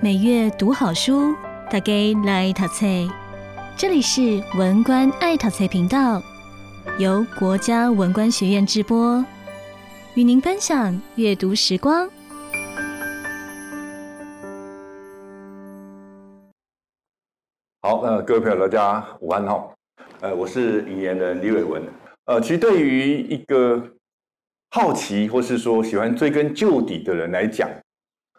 每月讀好書，大家來淘菜。這裡是文官愛淘菜頻道，由國家文官學院直播，與您分享閱讀時光。好，那、呃、各位朋友大家午安好。呃，我是演言人李偉文。呃，其實對於一個好奇或是說喜歡追根究底的人來講，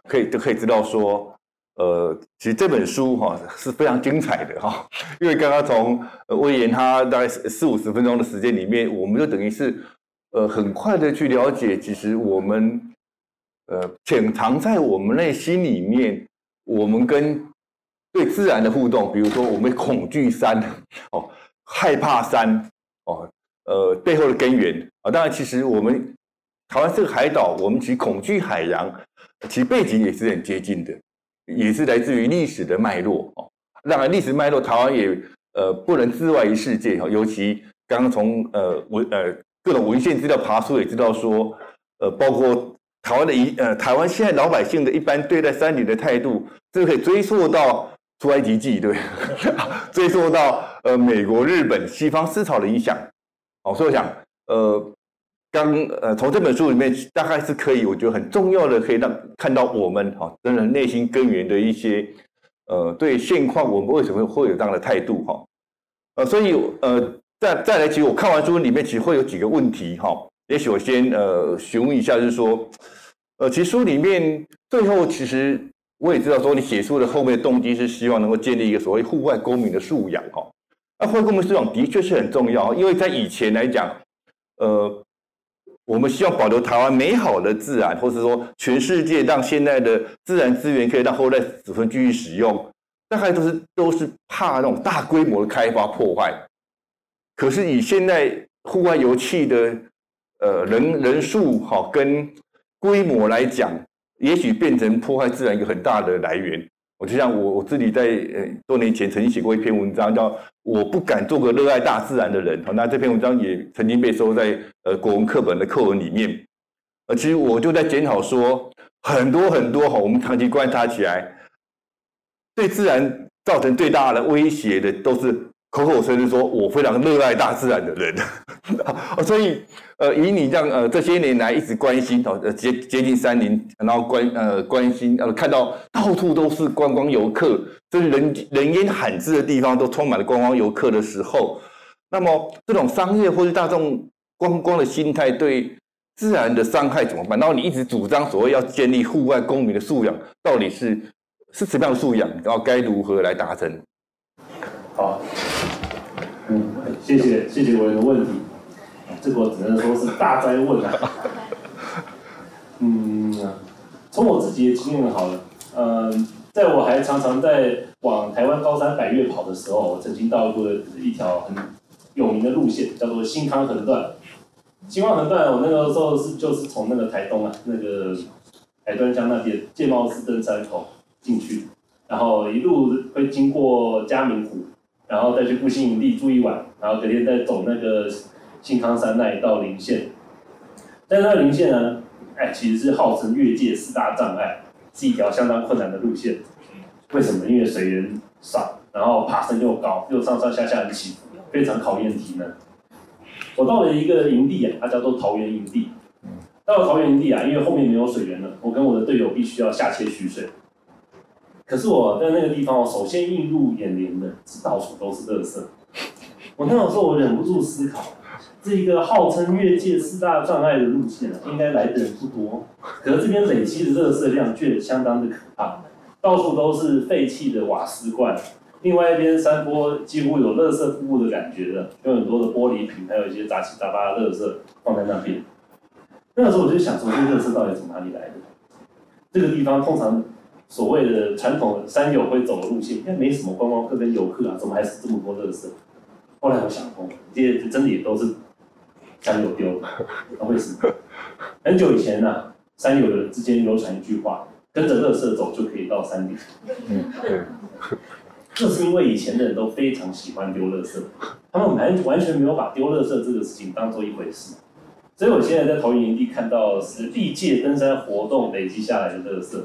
可以都可以知道說。呃，其實這本書哈是非常精彩的哈，因為剛剛從呃威言他大概四五十分鐘的時間裡面，我們就等於是呃很快的去了解，其實我們呃潛藏在我們內心裡面，我們跟對自然的互動，比如說我們恐懼山哦，害怕山哦，呃背後的根源啊，當然其實我們台灣是個海島，我們其實恐懼海洋，其實背景也是很接近的。也是來自於歷史的脈絡哦，當然歷史脈絡，台灣也呃不能自外於世界哈，尤其剛剛從呃文呃各種文獻資料爬出，也知道說呃包括台灣的一呃台灣現在老百姓的一般對待山林的態度，這可以追溯到出埃及記，對， 追溯到呃美國、日本、西方思潮的影響，哦，所以我想呃。剛呃，從這本書裡面大概是可以，我覺得很重要的，可以讓看到我們哈，真的內心根源的一些呃，對現況我們為什麼會有這樣的態度哈，呃，所以呃，再再來，其實我看完書裡面，其實會有幾個問題哈。也許我先呃，詢問一下，就是說，呃，其實書裡面最後其實我也知道，說你寫書的後面的動機是希望能夠建立一個所謂戶外公民的素養哈。那戶外公民素養的確是很重要，因為在以前來講，呃。我們需要保留台灣美好的自然，或是說全世界，讓現在的自然資源可以讓後代子孫繼續使用，大概都是都是怕那種大規模的開發破壞。可是以現在戶外遊憩的呃人人數哈、哦、跟規模來講，也許變成破壞自然一個很大的來源。我就像我我自己在呃多年前曾經寫過一篇文章，叫“我不敢做個熱愛大自然的人”。好，那這篇文章也曾經被收在呃國文課本的課文裡面。呃，其實我就在檢討說，很多很多哈，我們長期觀察起來，對自然造成最大的威脅的，都是口口聲聲說我非常熱愛大自然的人。所以。呃，以你這樣，呃，這些年來一直關心，呃，接接近三年，然後關，呃，關心，呃，看到到處都是觀光遊客，就是人人煙罕至的地方都充滿了觀光遊客的時候，那麼這種商業或是大眾觀光的心態對自然的傷害怎麼辦？然後你一直主張所謂要建立戶外公民的素養，到底是是什麼樣的素養？然後該如何來達成？好啊，嗯，謝謝謝謝我有個問題。這個我只能說是大哉問啊。嗯，從我自己的經驗好了，嗯，在我還常常在往台灣高山百岳跑的時候，我曾經到過一條很有名的路線，叫做新康橫斷。新康橫斷我那個時候是就是從那個台東啊，那個海端鄉那邊，戒茂斯登山口進去，然後一路會經過嘉明湖，然後再去布興營地住一晚，然後隔天再走那個。新康山那一道林線，但那個林線呢，哎，其實是號稱越界四大障礙，是一條相當困難的路線。為什麼？因為水源少，然後爬升又高，又上上下下的起伏，非常考驗體能。我到了一個營地啊，它叫做桃園營地。到了桃園營地啊，因為後面沒有水源了，我跟我的隊友必須要下切取水。可是我在那個地方，我首先映入眼簾的是到處都是垃圾。我那時候我忍不住思考。這一個號稱越界四大障礙的路線呢、啊，應該來的人不多，可是這邊累積的垃圾量卻相當的可怕，到處都是廢棄的瓦斯罐。另外一邊山坡幾乎有垃圾瀑布的感覺的、啊，有很多的玻璃瓶，還有一些雜七雜八的垃圾放在那邊。那個時候我就想說，這垃圾到底從哪裡來的？這個地方通常所謂的傳統的山友會走的路線，應該沒什麼觀光客跟遊客啊，怎麼還是這麼多垃圾？後來我想通了，這些真的也都是。山友丟了，他會死。很久以前呢、啊，山友之間流傳一句話：跟着垃圾走就可以到山頂。嗯，對，這是因為以前的人都非常喜歡丟垃圾，他們完完全沒有把丟垃圾這個事情當做一回事。所以我現在在桃園營地看到是歷屆登山活動累積下來的垃圾，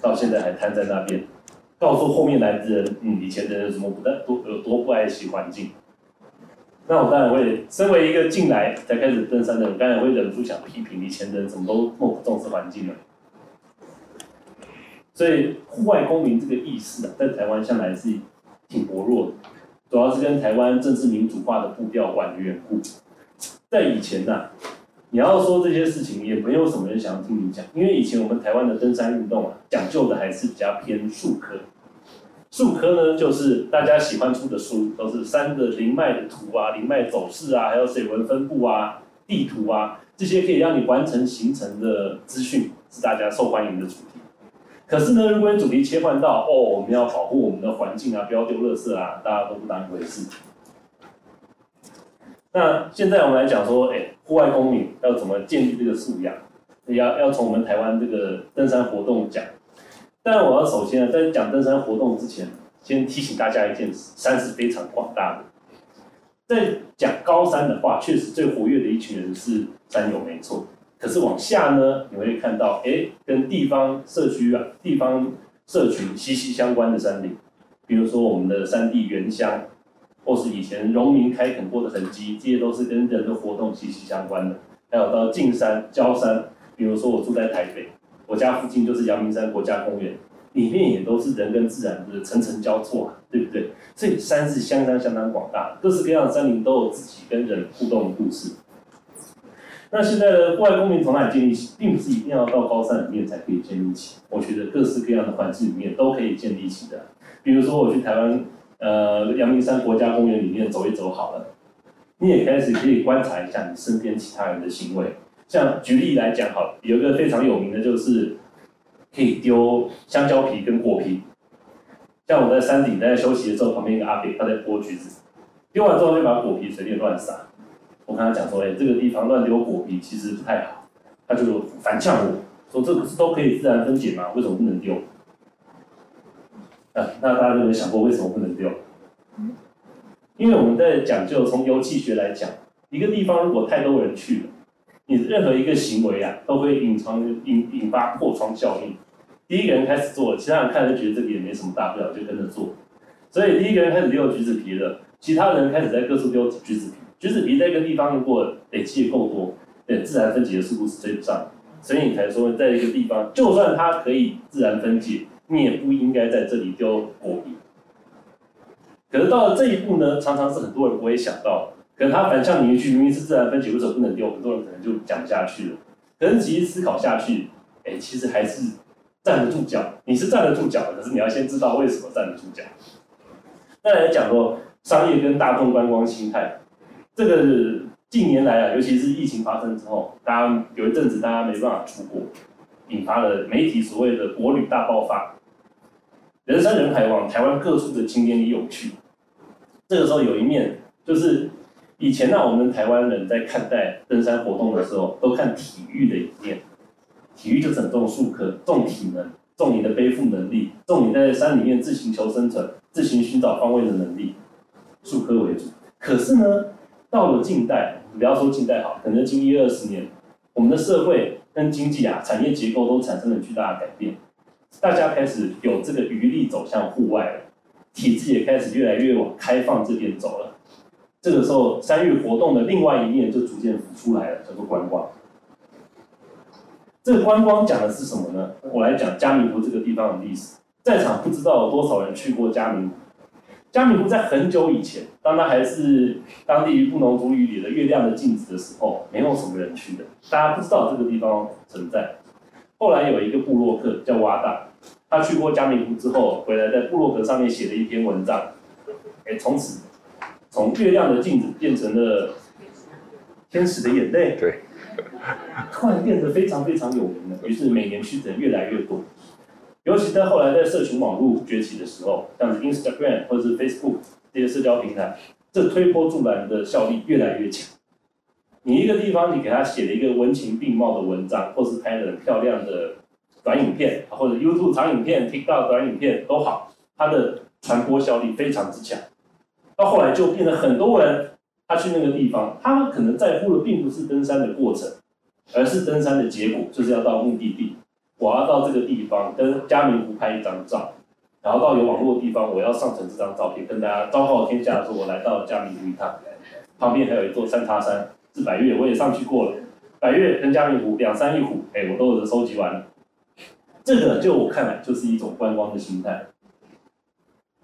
到現在還攤在那邊，告訴後面來的人：嗯，以前的人有什麼不太，多有多不愛惜環境？那我當然會，身為一個近來才開始登山的人，當然會忍不住想批評以前的人怎麼都那麼不重視環境了、啊。所以戶外公民這個意識啊，在台灣向來是挺薄弱的，主要是跟台灣政治民主化的步調晚的緣故。在以前呢、啊、你要說這些事情，也沒有什麼人想要聽你講，因為以前我們台灣的登山運動啊，講究的還是比較偏術科。數科呢，就是大家喜歡出的書，都是山的林脈的圖啊、林脈走勢啊、還有水文分布啊、地圖啊，這些可以讓你完成行程的資訊，是大家受歡迎的主題。可是呢，如果主題切換到哦，我們要保護我們的環境啊，不要丟垃圾啊，大家都不當回事。那現在我們來講說，哎，戶外公民要怎麼建立這個素養？你要要從我們台灣這個登山活動講。但我要首先啊，在講登山活動之前，先提醒大家一件事：山是非常廣大的。在講高山的話，確實最活躍的一群人是山友，沒錯。可是往下呢，你會看到，哎、欸，跟地方社區啊、地方社群息息相關的山林，比如說我們的山地原鄉，或是以前農民開墾過的痕迹，這些都是跟人的活動息息相關的。還有到近山、郊山，比如說我住在台北。我家附近就是陽明山國家公園，裡面也都是人跟自然的層層交錯，對不對？所以山是相當相當廣大，各式各樣的山林都有自己跟人互動的故事。那現在的戶外公民從哪裡建立，並不是一定要到高山裡面才可以建立起。我覺得各式各樣的環境裡面都可以建立起的。比如說我去台灣，呃，陽明山國家公園裡面走一走好了，你也開始可以觀察一下你身邊其他人的行為。像舉例來講，好了，有一個非常有名的，就是可以丟香蕉皮跟果皮。像我在山頂在休息的時候，旁邊一個阿伯他在剝橘子，丟完之後就把果皮隨便亂撒。我跟他講說：“哎、欸，這個地方亂丟果皮其實不太好。”他就反嗆我說：“這不是都可以自然分解嗎？為什麼不能丟、啊？”那大家有沒有想過為什麼不能丟？因為我們在講究從遊憩學來講，一個地方如果太多人去了。你任何一個行為啊，都會隱藏引引，引發破窗效應。第一個人開始做，其他人看了就覺得這個也沒什麼大不了，就跟着做。所以第一個人開始丟橘子皮了，其他人開始在各處丟橘子皮。橘子皮在一個地方，如果累積夠多對，自然分解的速度是追不上。所以你才說，在一個地方，就算它可以自然分解，你也不應該在這裡丟果皮。可是到了這一步呢，常常是很多人不會想到。可他反向你一句，明明是自然分解，為什麼不能丟？很多人可能就講不下去了。可是仔細思考下去，欸，其實還是站得住腳。你是站得住腳的，可是你要先知道為什麼站得住腳。再來講說商業跟大眾觀光心態，這個近年來啊，尤其是疫情發生之後，大家有一陣子大家沒辦法出國，引發了媒體所謂的國旅大爆發，人山人海往台灣各處的景點裡湧去。這個時候有一面就是。以前呢，我們台灣人在看待登山活動的時候，都看體育的一面，體育就是很重術科，重體能，重你的背負能力，重你在山裡面自行求生存、自行尋找方位的能力，術科為主。可是呢，到了近代，不要說近代好，可能近一二十年，我們的社會跟經濟啊，產業結構都產生了巨大的改變，大家開始有這個餘力走向戶外了，體制也開始越來越往開放這邊走了。這個時候，山岳活動的另外一面就逐漸浮出來了，叫做觀光。這個觀光講的是什麼呢？我來講嘉明湖這個地方的歷史。在場不知道有多少人去過嘉明湖。嘉明湖在很久以前，當它還是當地於布農族語裡的“月亮的鏡子”的時候，沒有什麼人去的，大家不知道這個地方存在。後來有一個部落客叫蛙大，他去過嘉明湖之後，回來在部落格上面寫了一篇文章，哎，從此。從月亮的鏡子變成了天使的眼淚，對，突然變得非常非常有名了。於是每年去的越來越多，尤其在後來在社群網絡崛起的時候，像是 Instagram 或是 Facebook 這些社交平台，這推波助瀾的效力越來越強。你一個地方，你給他寫了一個文情並茂的文章，或是拍了很漂亮的短影片，或者 YouTube 長影片、TikTok 短影片都好，它的傳播效力非常之強。到後來就變成很多人，他去那個地方，他們可能在乎的並不是登山的過程，而是登山的結果，就是要到目的地。我要到這個地方，跟嘉明湖拍一張照，然後到有網絡的地方，我要上傳這張照片，跟大家昭告天下，說我來到嘉明湖一趟。旁邊還有一座三叉山，是百岳，我也上去過了。百岳跟嘉明湖，兩山一湖，哎、欸，我都收集完。這個就我看來，就是一種觀光的心態。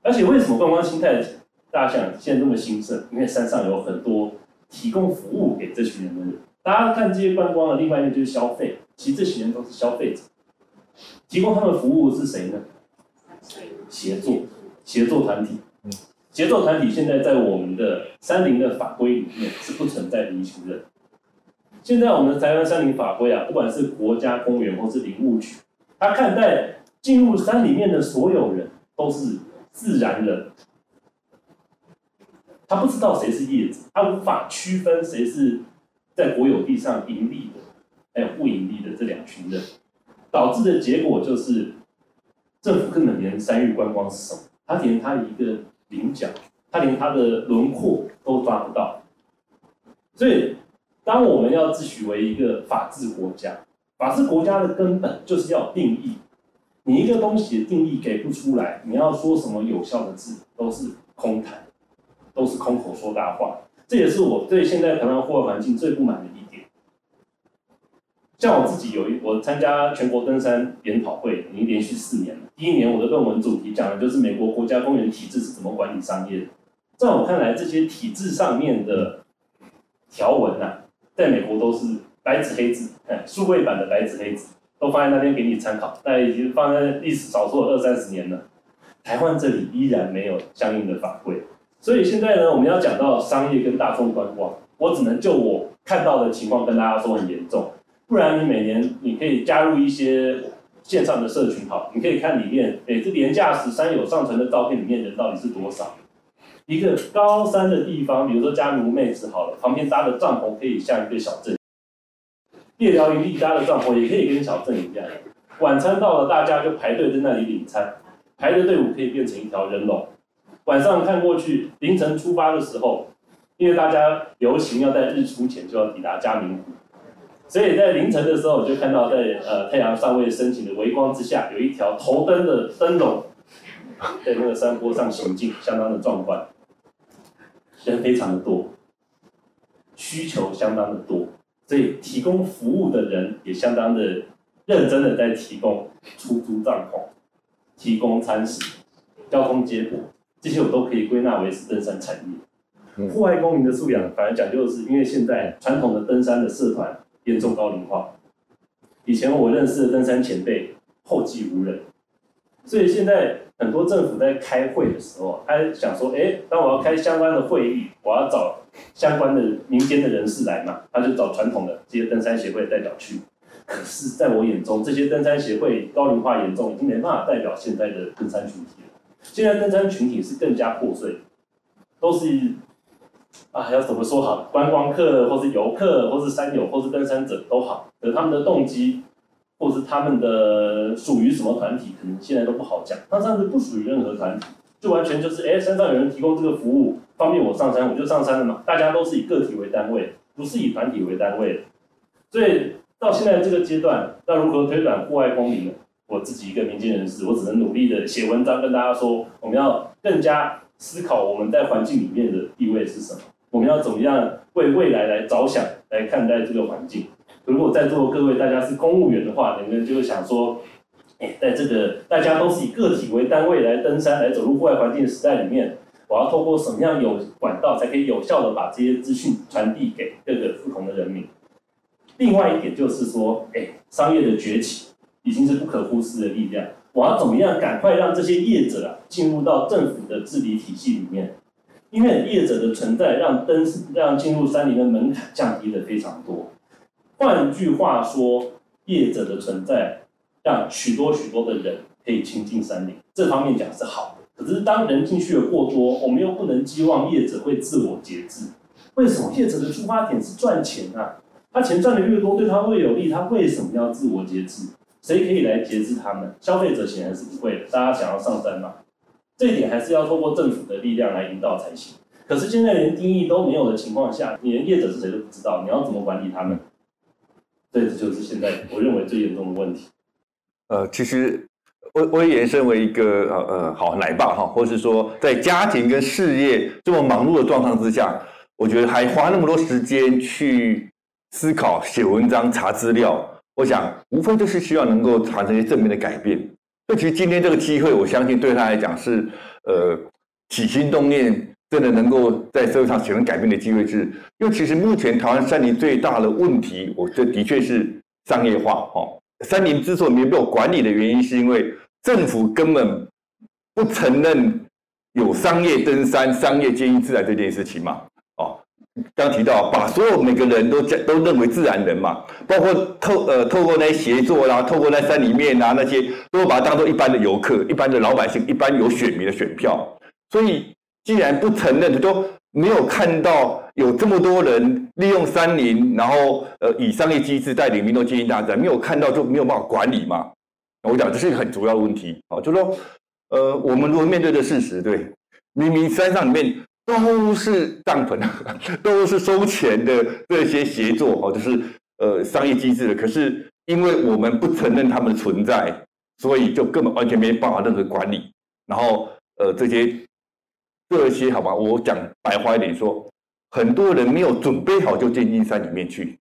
而且為什麼觀光心態？大家想，現在這麼興盛，因為山上有很多提供服務給這群人的人。大家看這些觀光的，另外一面就是消費。其實這群人都是消費者，提供他們服務是誰呢？協作，協作團體。協作團體現在在我們的山林的法規裡面是不存在的一群人。現在我們的台灣山林法規啊，不管是國家公園或是林務局，他看待進入山裡面的所有人都是自然人。他不知道誰是業主，他無法區分誰是在國有地上盈利的，還有不盈利的這兩群人，導致的結果就是，政府根本連山域觀光是什麼，他連他一個稜角，他連他的輪廓都抓不到。所以，當我們要自詡為一個法治國家，法治國家的根本就是要定義。你一個東西的定義給不出來，你要說什麼有效的字都是空談，都是空口說大話，這也是我對現在台灣戶外環境最不滿的一點。像我自己有一，我參加全國登山研討會已經連續四年了。第一年我的論文主題講的就是美國國家公園體制是怎麼管理商業的。在我看來，這些體制上面的條文啊，在美國都是白紙黑字，數位版的白紙黑字都放在那邊給你參考。那已經放在歷史少說了二三十年了，台灣這裡依然沒有相應的法規。所以現在呢，我們要講到商業跟大眾觀光，我只能就我看到的情況跟大家說很嚴重。不然你每年你可以加入一些線上的社群，好，你可以看裡面，每次連假時山友上傳的照片裡面人到底是多少？一個高山的地方，比如說加奴妹子好了，旁邊搭的帳篷可以像一個小鎮，夜聊營地搭的帳篷也可以跟小鎮一樣。晚餐到了，大家就排隊在那裡領餐，排的隊伍可以變成一條人龍。晚上看過去，凌晨出發的時候，因為大家遊行要在日出前就要抵達嘉明湖，所以在凌晨的時候，我就看到在呃、太陽尚未升起的微光之下，有一條頭燈的燈籠，在那個山坡上行進，相當的壯觀，人非常的多，需求相當的多，所以提供服務的人也相當的認真的在提供出租帳篷、提供餐食、交通接駁。這些我都可以歸納為是登山產業，戶外公民的素養反而講究的是，因為現在傳統的登山的社團嚴重高齡化，以前我認識的登山前輩後繼無人，所以現在很多政府在開會的時候，他想說，哎、欸，當我要開相關的會議，我要找相關的民間的人士來嘛，他就找傳統的這些登山協會代表去，可是在我眼中，這些登山協會高齡化嚴重，已經沒辦法代表現在的登山群體了。現在登山群體是更加破碎，都是啊，要怎麼說好？觀光客，或是遊客，或是山友，或是登山者都好，可是他們的動機，或是他們的屬於什麼團體，可能現在都不好講。他甚至不屬於任何團體，就完全就是，哎，山上有人提供這個服務，方便我上山，我就上山了嘛。大家都是以個體為單位，不是以團體為單位的。所以到現在這個階段，要如何推展戶外公民呢？我自己一個民間人士，我只能努力的寫文章跟大家說，我們要更加思考我們在環境裡面的地位是什麼，我們要怎麼樣為未來來着想來看待這個環境。如果在座各位大家是公務員的話，你們就會想說，哎，在這個大家都是以個體為單位來登山來走入戶外環境的時代裡面，我要透過什麼樣有管道才可以有效的把這些資訊傳遞給各個不同的人民。另外一點就是說，哎，商業的崛起。已經是不可忽視的力量。我要怎麼樣趕快讓這些業者啊進入到政府的治理體系裡面？因為業者的存在讓，讓登讓進入山林的門檻降低的非常多。換句話說，業者的存在讓許多許多的人可以親近山林，這方面講是好的。可是當人進去的過多，我們又不能期望業者會自我節制。為什麼業者的出發點是賺錢啊？他錢賺的越多，對他越有利，他為什麼要自我節制？誰可以來節制他們？消費者顯然是不會的，大家想要上山嘛，這一點還是要通過政府的力量來引導才行。可是現在連定義都沒有的情況下，連業者是誰都不知道，你要怎麼管理他們？這就是現在我認為最嚴重的問題。呃，其實，我我也身為一個呃、呃、好奶爸哈，或是說在家庭跟事業這麼忙碌的狀況之下，我覺得還花那麼多時間去思考、寫文章、查資料。我想，無非就是希望能夠產生一些正面的改變。那其實今天這個機會，我相信對他來講是，呃，起心動念，真的能夠在社會上產生改變的機會，是，因為其實目前台灣山林最大的問題，我覺得的確是商業化。哦，山林之所以沒有管理的原因，是因為政府根本不承認有商業登山、商業接近自然這件事情嘛。剛提到，把所有每個人都都認為自然人嘛，包括透呃透過那些協作啦，透過那山裡面啊那些，都把它當做一般的遊客、一般的老百姓、一般有選民的選票。所以既然不承認，他就沒有看到有這麼多人利用山林，然後呃以商業機制帶領民眾經營大自然，沒有看到就沒有辦法管理嘛。我講這是一個很主要的問題啊、哦，就說呃我們如何面對的事實？對，明明山上裡面。都是帳篷，都是收錢的這些協作，哈，就是呃商業機制的。可是因為我們不承認他們的存在，所以就根本完全沒辦法任何管理。然後呃，這些這些好吧，我講白話一點說，很多人沒有準備好就進進山裡面去，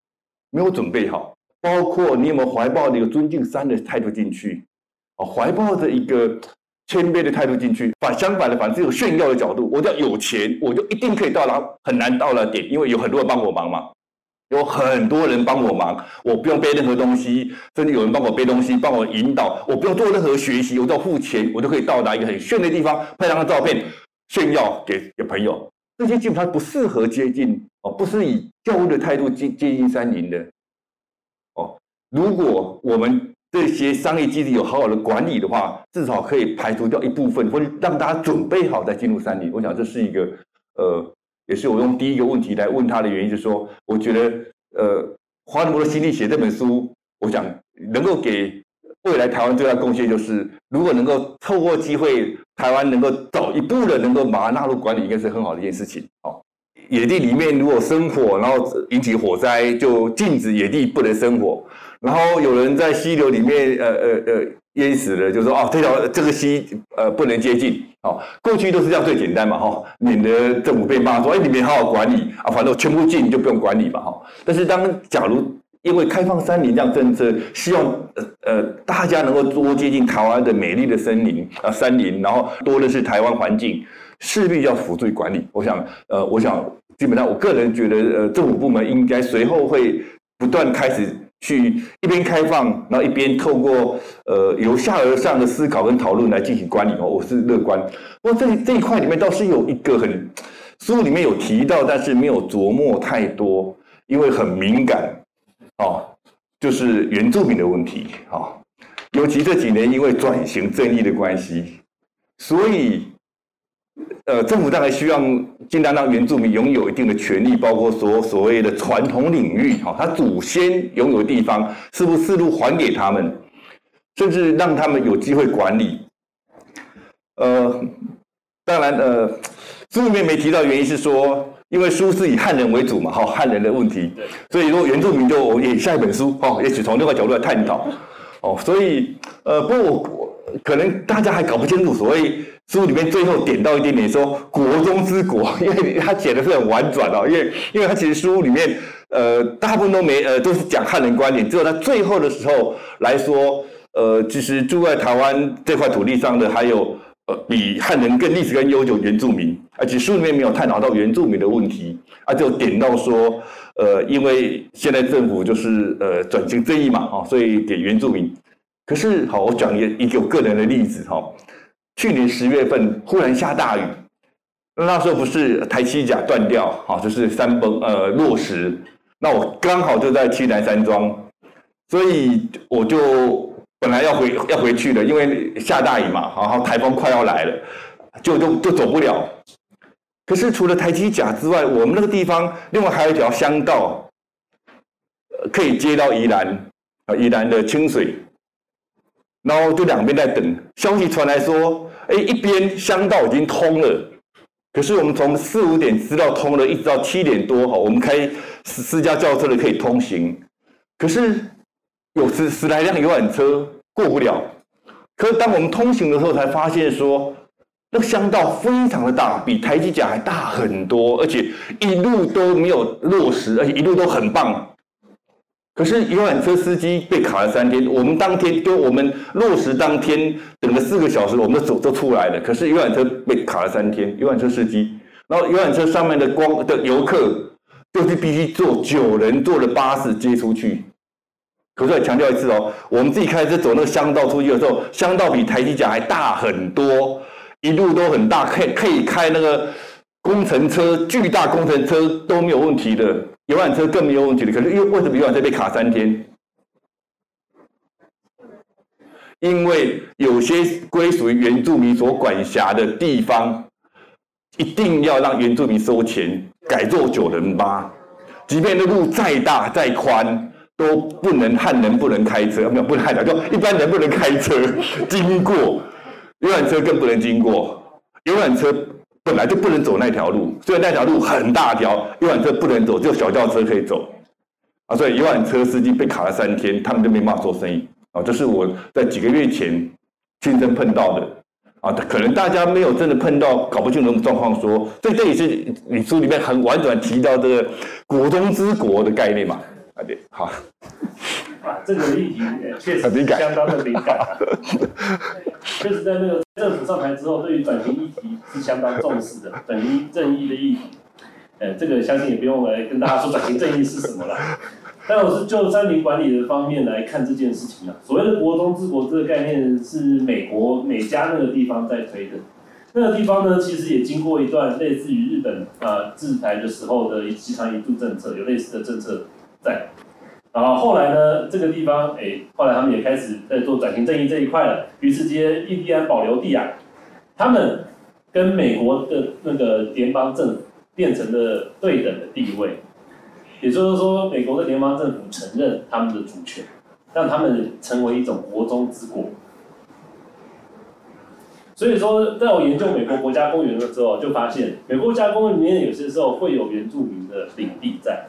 沒有準備好，包括你有沒有懷抱那個尊敬山的態度進去，啊，懷抱著一個，謙卑的態度進去，反，相反的，反這種炫耀的角度。我只要有錢，我就一定可以到達很難到達點，因為有很多人幫我忙嘛，有很多人幫我忙，我不用背任何東西，甚至有人幫我背東西，幫我引導，我不用做任何學習，我只要付錢，我就可以到達一個很炫的地方，拍張照片炫耀給給朋友。這些基本上不適合接近哦，不是以教會的態度接接近山林的哦。如果我們這些商業基地有好好的管理的話，至少可以排除掉一部分，或者讓大家準備好再進入山裡。我想這是一個，呃，也是我用第一個問題來問他的原因，就是說，我覺得，呃，花那麼多心力寫這本書，我想能夠給未來台灣最大貢獻就是，如果能夠透過機會，台灣能夠早一步的能夠把它納入管理，應該是很好的一件事情。哦，野地裡面如果生火，然後引起火災，就禁止野地不能生火。然後有人在溪流裡面，呃呃呃，淹死了，就是、說哦，這條這個溪呃不能接近哦。過去都是這樣最簡單嘛哈，免得政府被罵說，哎，你沒好好管理啊，反正我全部禁你就不用管理嘛哈。但是當假如因為開放山林這樣政策，希望呃呃大家能夠多接近台灣的美麗的森林啊，山林，然後多的是台灣環境，勢必要輔助管理。我想呃，我想基本上我個人覺得，呃，政府部門應該隨後會不斷開始。去一邊開放，然後一邊透過呃由下而上的思考跟討論來進行管理哦，我是樂觀。不過，哦，這這一塊裡面倒是有一個很書裡面有提到，但是沒有琢磨太多，因為很敏感哦，就是原住民的問題哦，尤其這幾年因為轉型正義的關係，所以。呃，政府大概希望盡量讓原住民擁有一定的權利，包括所所謂的傳統領域，哈、哦，他祖先擁有的地方，是不是都還給他們，甚至讓他們有機會管理。呃，當然，呃，書裡面沒提到原因是說，因為書是以漢人為主嘛，哈、哦，漢人的問題，所以如果原住民就也下一本書，哦、也許從這個角度來探討，哦，所以，呃，不過可能大家還搞不清楚所謂書裡面最後點到一點點說“國中之國”，因為他寫的是很婉轉哦，因為因為他其實書裡面呃大部分都沒呃都是講漢人觀點，只有他最後的時候來說，呃，其實住在台灣這塊土地上的還有呃比漢人更歷史更悠久原住民，而且書裡面沒有探討到原住民的問題，啊，就點到說呃，因為現在政府就是呃轉型正義嘛啊、哦，所以點原住民。可是好，我講一個一個個人的例子哈。哦去年十月份忽然下大雨，那時候不是台七甲斷掉，好就是山崩呃落石，那我剛好就在七南山莊，所以我就本來要回要回去了，因為下大雨嘛，然後台風快要來了，就就就走不了。可是除了台七甲之外，我們那個地方另外還有一條鄉道，可以接到宜蘭呃，宜蘭的清水。然後就兩邊在等消息傳來說，誒，一邊鄉道已經通了，可是我們從四五點知道通了，一直到七點多哈，我們開私私家轎車的可以通行，可是有時十來輛遊覽車過不了。可是當我們通行的時候，才發現說，那個鄉道非常的大，比台七甲還大很多，而且一路都沒有落石，而且一路都很棒。可是遊覽車司機被卡了三天，我們當天就我們落實當天等了四個小時，我們就走就出來了。可是遊覽車被卡了三天，遊覽車司機，然後遊覽車上面的光的遊客就是必須坐九人坐的巴士接出去。可是我強調一次哦，我們自己開車走那個鄉道出去的時候，鄉道比台七甲還大很多，一路都很大，可以可以開那個工程車，巨大工程車都沒有問題的。遊覽車更沒有問題的，可是因為為什麼遊覽車被卡三天？因為有些歸屬於原住民所管轄的地方，一定要讓原住民收錢，改做九人巴。即便那路再大再寬，都不能漢人不能開車。不能不能看，就一般人不能開車經過。遊覽車更不能經過。遊覽車。本來就不能走那條路，所以那條路很大條，一晚車不能走，只有小轎車可以走啊。所以一晚車司機被卡了三天，他們就沒辦法做生意啊。這是我在幾個月前親身碰到的啊，可能大家沒有真的碰到，搞不清楚狀況說。說，這這也是你書裡面很婉轉提到的國中之國的概念嘛？啊，對，好。這個議題確實相當的敏感、啊，確實在那個政府上台之後，對於轉型議題是相當重視的。轉型正義的議題，這個相信也不用來跟大家說轉型正義是什麼了。但我是就森林管理的方面來看這件事情啊。所謂的國中之國這個概念是美國美加那個地方在推的，那個地方呢其實也經過一段類似於日本治臺的時候的集團移住政策，有類似的政策在。然後後來呢，這個地方，哎，後來他們也開始在做轉型正義這一塊了。於是接印第安保留地啊，他們跟美國的那個聯邦政府變成了對等的地位，也就是說，美國的聯邦政府承認他們的主權，讓他們成為一種國中之國。所以說，在我研究美國國家公園的時候，就發現美國國家公園裡面有些時候會有原住民的領地在。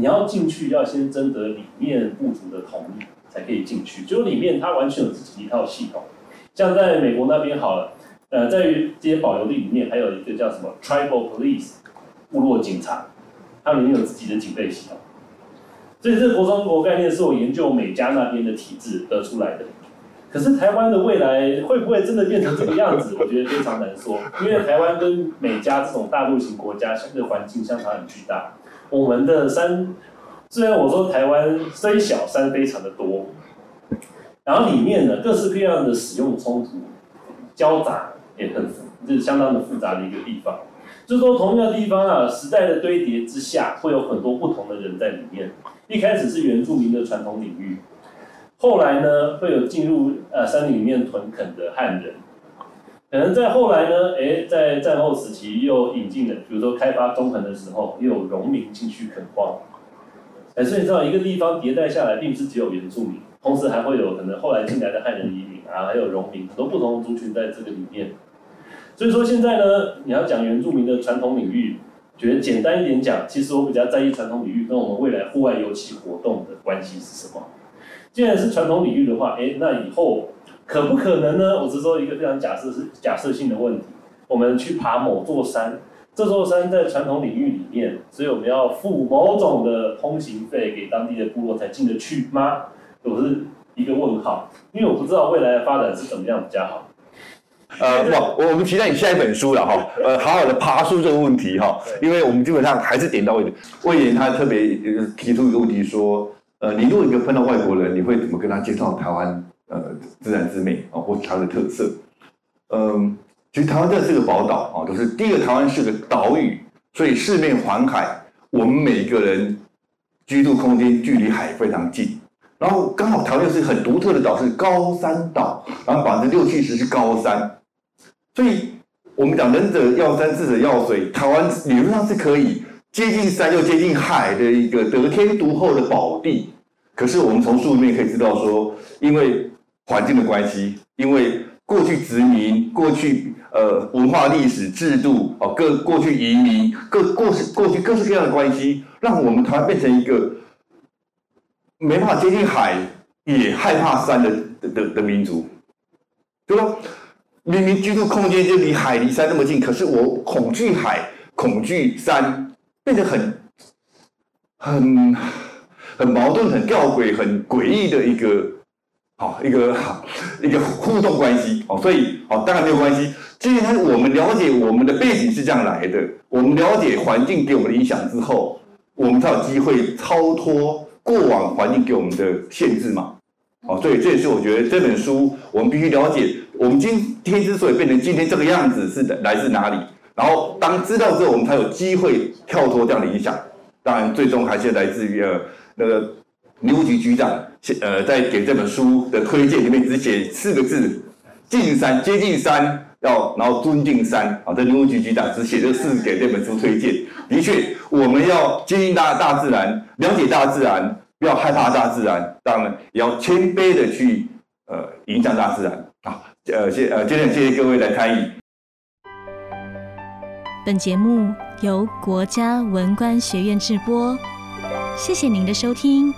你要進去，要先徵得裡面部族的同意才可以進去。就裡面它完全有自己一套系統，像在美國那邊好了，呃，在這些保留地裡面還有一個叫什麼 Tribal Police，部落警察，它裡面有自己的警備系統。所以這個國中國概念是我研究美加那邊的體制得出來的。可是台灣的未來會不會真的變成這個樣子？ 我覺得非常難說，因為台灣跟美加這種大陸型國家相對環境相差很巨大。我們的山，雖然我說台灣雖小，山非常的多，然後裡面呢，各式各樣的使用衝突、交雜也很復，這、就是相當的複雜的一個地方。就是、說同一個地方啊，時代的堆疊之下，會有很多不同的人在裡面。一開始是原住民的傳統領域，後來呢，會有進入呃山裡面屯墾的漢人。可能在後來呢、欸，在戰後時期又引進了，比如說，開發中橫的時候，又有榮民進去墾荒。哎、欸，所以你知道一個地方迭代，下來並不是只有原住民，同時還會有可能後來進來的漢人移民啊，還有榮民，很多不同族群在這個裡面。所以說現在呢，你要講原住民的傳統領域，覺得簡單一點講，其實我比較在意傳統領域跟我們未來戶外遊憩活動的關係是什麼。既然是傳統領域的話，欸、那以後。可不可能呢？我只說一個非常假設是假設性的問題。我們去爬某座山，這座山在傳統領域裡面，所以我們要付某種的通行費給當地的部落才進得去嗎？我是一個問號，因為我不知道未來的發展是怎麼樣比較好的。呃，不，我們期待你下一本書了哈。呃，好好的爬樹這個問題哈，因為我們基本上還是點到為止。偉文他特別提出一個問題說，呃，你如果一個碰到外國人，你會怎麼跟他介紹台灣？呃，自然之美啊，或是它的特色，嗯，其實台灣就是個寶島啊，都、就是第一個台灣是個島嶼，所以四面環海，我們每個人居住空間距離海非常近，然後剛好台灣又是很獨特的島，是高山島，然後百分之六七十是高山，所以我們講仁者樂山，智者樂水，台灣理論上是可以接近山又接近海的一個得天獨厚的寶地，可是我們從書裡面可以知道說，因為環境的關係，因為過去殖民，過去呃，文化、歷史、制度哦，各過去移民、各過過去各式各樣的關係，讓我們台灣變成一個沒辦法接近海也害怕山的的的的民族，對吧？明明居住空間就離海離山那麼近，可是我恐懼海、恐懼山，變得很很很矛盾，很吊詭、很詭異的一個。好一個好一個互動關係，哦，所以哦，當然沒有關係。既然我們了解我們的背景是這樣來的，我們了解環境給我們的影響之後，我們才有機會超脫過往環境給我們的限制嘛。哦，所以這也是我覺得這本書我們必須了解，我們今天，天之所以變成今天這個樣子，是來自哪裡？然後當知道之後，我們才有機會跳脫這樣的影響。當然，最終還是來自於呃那個牛局局長。呃，在給這本書的推薦裡面只寫四個字：近山，接近山，要然後尊敬山啊。這林業局局長只寫這四個字給這本書推薦。的確，我們要接近大大自然，了解大自然，不要害怕大自然，當然也要謙卑的去呃影響大自然啊。呃，謝呃，今天謝謝各位來參與。本節目由國家文官學院制播，謝謝您的收聽。